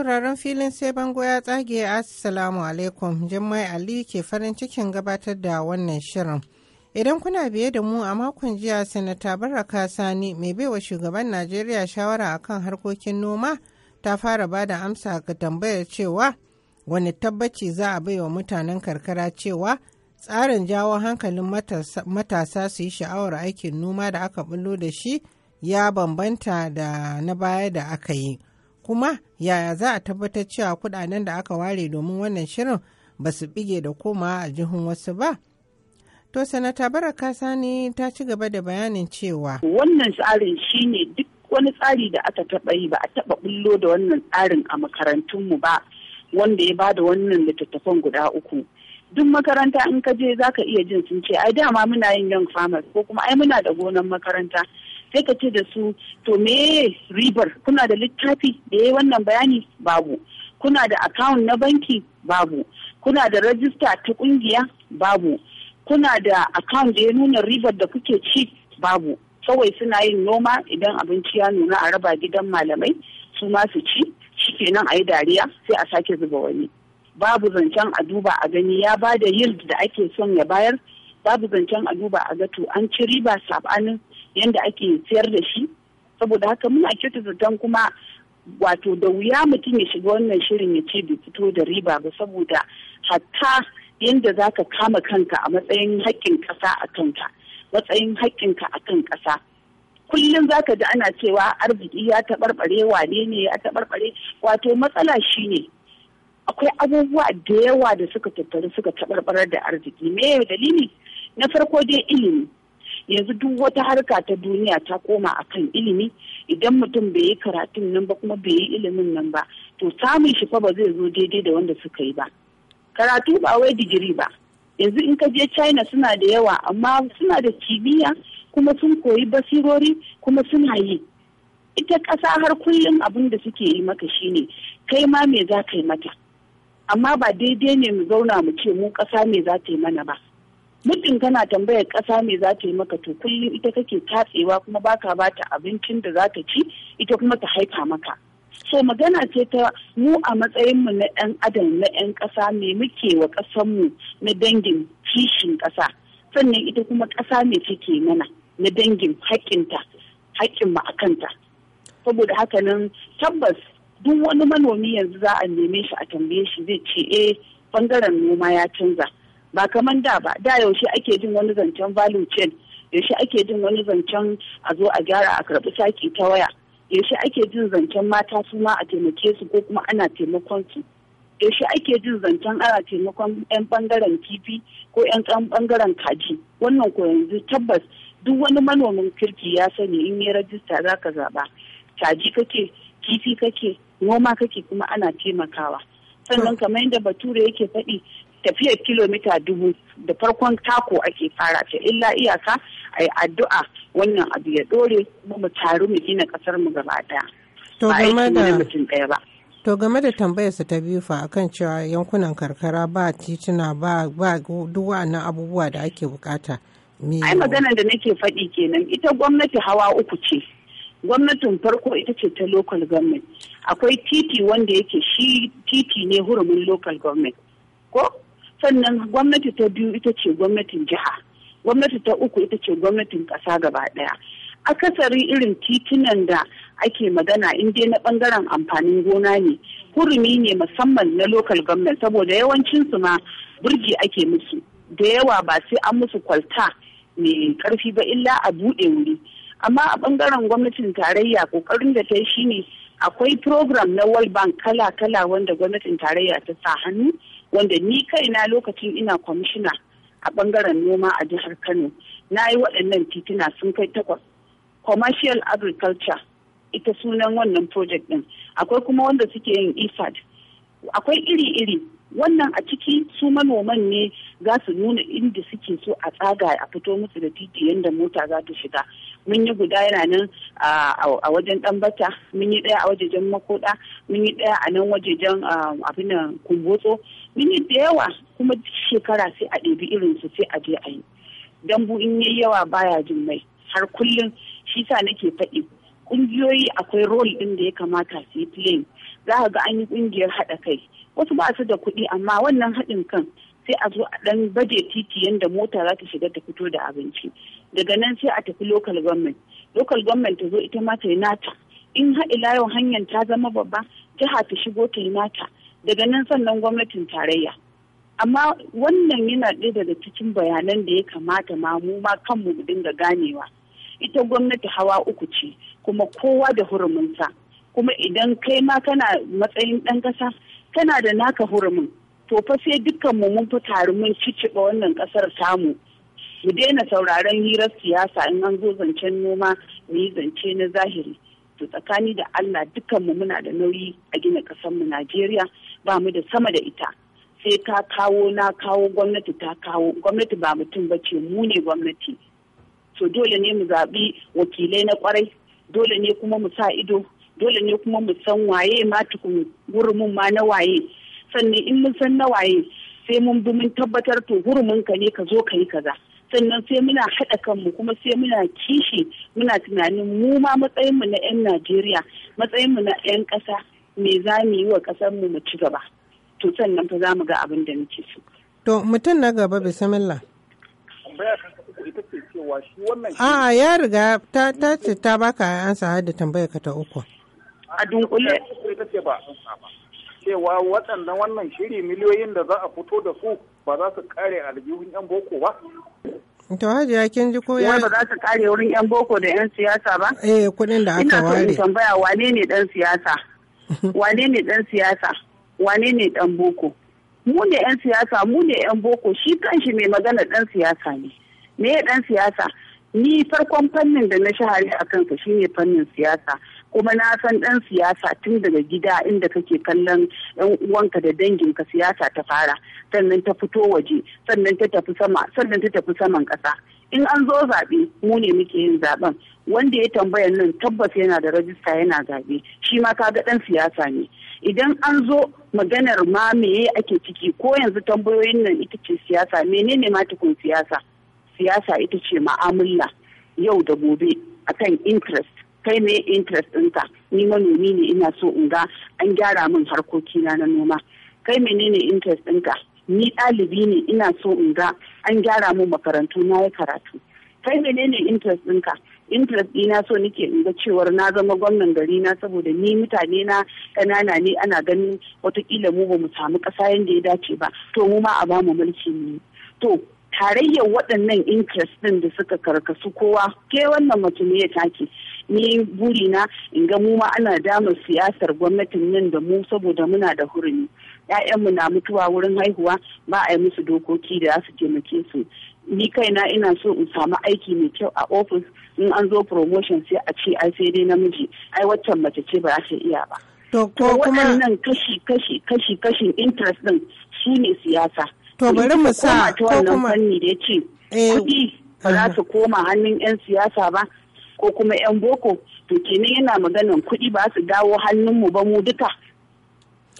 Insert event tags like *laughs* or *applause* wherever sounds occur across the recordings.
sauraron filin sai bango ya tsage assalamu alaikum Jummai Ali ke farin cikin gabatar da wannan shirin. Idan kuna biye da mu a makon jiya Sanata Baraka Sani mai baiwa shugaban Najeriya shawara a kan harkokin noma ta fara ba da amsa ga tambayar cewa wani tabbaci za a baiwa mutanen karkara cewa tsarin jawo hankalin matasa su yi sha'awar aikin noma da aka bullo da shi ya bambanta da na baya da aka yi. kuma yaya za a tabbatar cewa kuɗaɗen da aka ware domin wannan shirin ba su bige da koma a jihun wasu ba to sanata baraka sani ta ci gaba da bayanin cewa wannan tsarin shine duk wani tsari da aka taba yi ba a taba bullo da wannan tsarin a makarantunmu ba wanda ya bada wannan littattafan guda uku duk makaranta in ka je za ka iya jin sun ce ai dama muna yin yan farmers ko kuma ai muna da gonan makaranta sai ka ce da su to me ribar kuna da littafi da eh, ya wannan bayani babu kuna da account na banki babu kuna da rajista ta kungiya babu kuna da account da ya nuna ribar da kuke ci babu kawai suna yin noma idan abinci ya nuna a raba gidan malamai su ma su ci shikenan a yi dariya sai a sake zuba wani babu zancen a duba a gani ya ba da yield da ake son ya bayar babu zancen a duba a gato an ci riba sabanin Yanda ake siyar da shi saboda haka muna kyauta zaton kuma wato da wuya mutum ya shiga wannan shirin ya ce bai fito da riba ba saboda hatta yadda za ka kama kanka a matsayin haƙƙin ƙasa a kanka matsayin haƙƙinka a kan ƙasa kullum za ka ji ana cewa arziki ya taɓarɓare wane ne ya taɓarɓare wato matsala shi ne akwai abubuwa da yawa da suka tattaru suka taɓarɓarar da arziki me dalili na farko dai ilimi yanzu duk wata harka ta duniya ta koma akan ilimi idan mutum bai yi karatun nan ba kuma bai yi ilimin nan ba to samun shi fa ba zai zo daidai da wanda suka yi ba karatu ba wai digiri ba yanzu in ka je china suna da yawa amma suna da kimiyya kuma sun koyi basirori kuma suna yi ita ƙasa har kullum abin da suke yi maka shine kai ma me za ka yi mata amma ba daidai ne mu zauna mu ce mu ƙasa me za ta yi mana ba muddin kana tambayar ƙasa me za ta yi maka to kullum ita kake tatsewa kuma baka bata abincin da za ta ci ita kuma ta haifa maka so magana ce ta mu a matsayinmu na 'yan adam na 'yan ƙasa me muke wa ƙasanmu na dangin kishin ƙasa sannan ita kuma ƙasa me take mana na dangin haƙƙin mu a kanta saboda haka nan tabbas duk wani manomi yanzu za a neme shi a tambaye shi zai ce eh bangaren noma ya canza ba kamar da ba da yaushe ake jin wani zancen value chain yaushe ake jin wani zancen a zo a gyara a karbi saki ta waya yaushe ake jin zancen mata su ma a taimake su ko kuma ana taimakon su yaushe ake jin zancen ana taimakon 'yan bangaren kifi ko 'yan bangaren kaji wannan ko yanzu tabbas duk wani manomin kirki ya sani in ya rajista za ka zaɓa kaji kake kifi kake noma kake kuma ana taimakawa sannan kamar yadda bature yake faɗi tafiyar kilomita dubu da farkon tako ake fara ta illa iyaka a yi addu'a wannan abu ya dore mu taru mu gina kasar mu gaba daya mutum ɗaya ba To game da tambayarsa ta biyu fa akan cewa yankunan karkara ba tituna ba ba duk abubuwa da ake bukata. Ai maganar da nake faɗi kenan ita gwamnati hawa uku ce. Gwamnatin farko ita ce ta local government. Akwai titi wanda yake shi titi ne hurumin local government. Ko? sannan gwamnati ta biyu ita ce gwamnatin jiha gwamnati ta uku ita ce gwamnatin ƙasa gaba ɗaya akasari irin titunan da ake magana in dai na bangaren amfanin gona ne hurumi ne musamman na lokal government saboda yawancin su ma burji ake musu da yawa ba sai an musu kwalta mai karfi ba illa a buɗe wuri amma a ɓangaren gwamnatin tarayya ƙoƙarin da ta yi shine akwai program na world bank kala-kala wanda gwamnatin tarayya ta sa hannu wanda ni kaina lokacin ina kwamishina a bangaren noma a jihar kano na yi waɗannan titina sun kai takwas commercial agriculture ita sunan wannan project ɗin akwai kuma wanda suke yin ifad akwai iri-iri wannan a ciki su manoman ne za su nuna inda suke so a tsaga a fito musu da titi yadda mota za ta shiga mun yi guda yana nan a wajen ɗanbata mun yi ɗaya a wajejen makoda mun yi ɗaya a nan wajejen abin kumbotso mun yi da yawa kuma shekara sai a ɗebi su sai a je a yi dambu in yi yawa baya jin mai har kullum shi sa nake faɗi ƙungiyoyi akwai role ɗin da ya kamata su yi playing za ka ga an yi ƙungiyar haɗa kai wasu ba su da kuɗi amma wannan haɗin kan sai a zo a ɗan baje titi yadda mota za ta shiga ta fito da abinci daga nan sai a tafi local government local government ta zo ita ma ta yi nata in ila yau hanyar ta zama babba jiha ta shigo ta yi nata daga nan sannan gwamnatin tarayya amma wannan yana ɗaya daga cikin bayanan da ya kamata ma mu ma kanmu mu dinga ganewa ita gwamnati hawa uku ce kuma kowa da huruminsa kuma idan kai ma kana matsayin ɗan ƙasa kana da naka hurumin to fa sai dukkanmu mun fi taru mun ciciɓa wannan ƙasar tamu mu daina sauraron hirar siyasa in an zo zancen noma mu yi zance na zahiri to tsakani da Allah mu muna da nauyi a gina mu Najeriya ba mu da sama da ita sai ka kawo na kawo gwamnati ta kawo gwamnati ba mutum ba ce mu ne gwamnati to dole ne mu zaɓi wakilai na kwarai dole ne kuma mu sa ido dole ne kuma mu san waye ma tukun gurumin ma na waye sannan in mun san na waye sai mun bi mun tabbatar to hurumin ka ne ka zo ka yi kaza. sannan sai muna haɗa kanmu kuma sai muna kishi muna tunanin mu ma matsayinmu na 'yan najeriya matsayinmu na 'yan ƙasa me za mu yi wa ƙasarmu mu ci gaba to sannan fa za mu ga abin da muke so. to mutum na gaba bisamilla. a ya riga ta ce ta baka ansa har da tambayar ka ta uku. a dunkule. cewa waɗannan wannan shiri miliyoyin da za a fito da su ba za su kare aljihun 'yan boko ba? To hajiya kin ji ko ya ba za su kare wurin 'yan boko da 'yan siyasa ba? Eh kuɗin da aka ware. Ina so in tambaya wane ne ɗan siyasa? *laughs* Wane ne ɗan siyasa? Wane ne ɗan boko? Mu ne 'yan siyasa mu ne 'yan boko shi kanshi mai magana ɗan siyasa ne. Me ɗan siyasa? Ni farkon fannin da na shahari a kansa shine fannin siyasa. kuma na san dan siyasa tun daga gida inda kake kallon yan uwanka da dangin ka siyasa ta fara sannan ta fito waje sannan ta tafi sama sannan ta tafi saman kasa in an zo zaɓe mu ne muke yin zaɓen wanda ya tambaya nan tabbas yana da rajista yana zaɓe shi ma kaga ɗan siyasa ne idan an zo maganar ma meye ake ciki ko yanzu tambayoyin nan ita ce siyasa menene ma tukun siyasa siyasa ita ce ma'amulla yau da gobe akan interest kai ne interest ɗinka ni manomi ne ina so in ga an gyara min harkokina na noma kai menene interest ɗinka ni ɗalibi ne ina so in ga an gyara min makarantu na ya karatu kai menene interest ɗinka interest ɗina so nike in ga cewar na zama gwamnan gari na saboda ni mutane na ƙanana ne ana ganin watakila mu ba mu samu ƙasa yadda ya dace ba to mu ma a bamu mulki ne to tarayyar waɗannan interest ɗin da suka karkasu kowa ke wannan mutum ya take ni na in ga mu ma ana damar siyasar gwamnatin nan da mu saboda muna da hurumi ‘ya'yanmu na mutuwa wurin haihuwa ba a yi musu dokoki da su taimake su ni kaina ina so in samu aiki mai kyau a ofis in an zo promotion sai a ce ai sai dai namiji ai waccan mace ce ba ta iya ba to ko kuma waɗannan kashi kashi kashi kashin interest din shi ne siyasa to bari mu sa ko kuma fanni da yace eh, Kudi ba za su koma hannun 'yan siyasa ba ko kuma 'yan boko to kenan yana maganan kuɗi ba su dawo hannunmu ba mu duka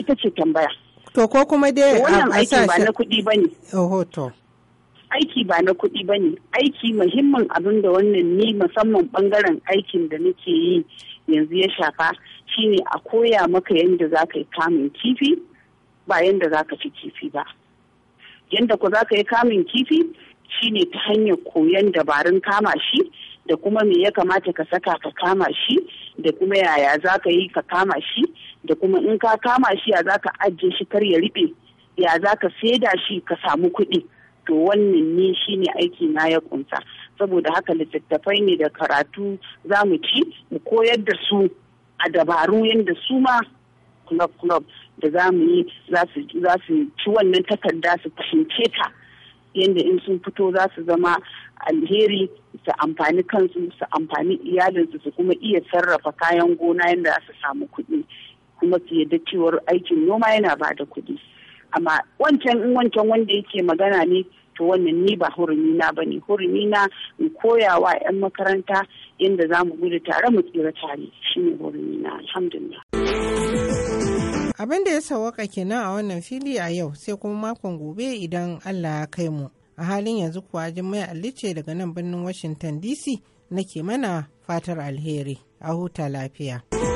ita ce tambaya to ko kuma dai wannan aiki ba na kuɗi ba ne aiki ba na kuɗi ba ne aiki muhimmin abin da wannan ni musamman bangaren aikin da nake yi yanzu ya shafa shine a koya maka yadda za ka yi kamun kifi ba yadda za ka ci kifi ba yadda ku za ka yi kamun kifi shine ta hanyar koyon dabarun kama shi da kuma me ya kamata ka saka ka kama shi da kuma yaya za ka yi ka kama shi da kuma in ka kama shi ya za ka ajiye shi kar ya riɓe ya za ka saida shi ka samu kuɗi to wannan ne shi ne aiki na ya kunsa saboda haka littattafai ne da karatu za mu ci mu koyar da su a dabaru yadda su ma club club da za mu yi za su ci wannan takarda su fahimce ta yadda in sun fito za su zama alheri su amfani kansu su amfani iyalinsu su kuma iya sarrafa kayan gona yadda su samu kuɗi kuma su yadda cewar aikin noma yana ba da kuɗi amma wancan in wancan wanda yake magana ne to wannan ni ba hurumi na bane hurumi na koya wa 'yan makaranta yadda za mu gudu tare mu tsira tare shine hurumi na alhamdulillah Abin da ya sawaka kenan a wannan fili a yau sai kuma makon gobe idan Allah ya kai mu. A halin yanzu kuwa Jummai Alice daga nan birnin Washington DC nake mana fatar alheri. A huta lafiya.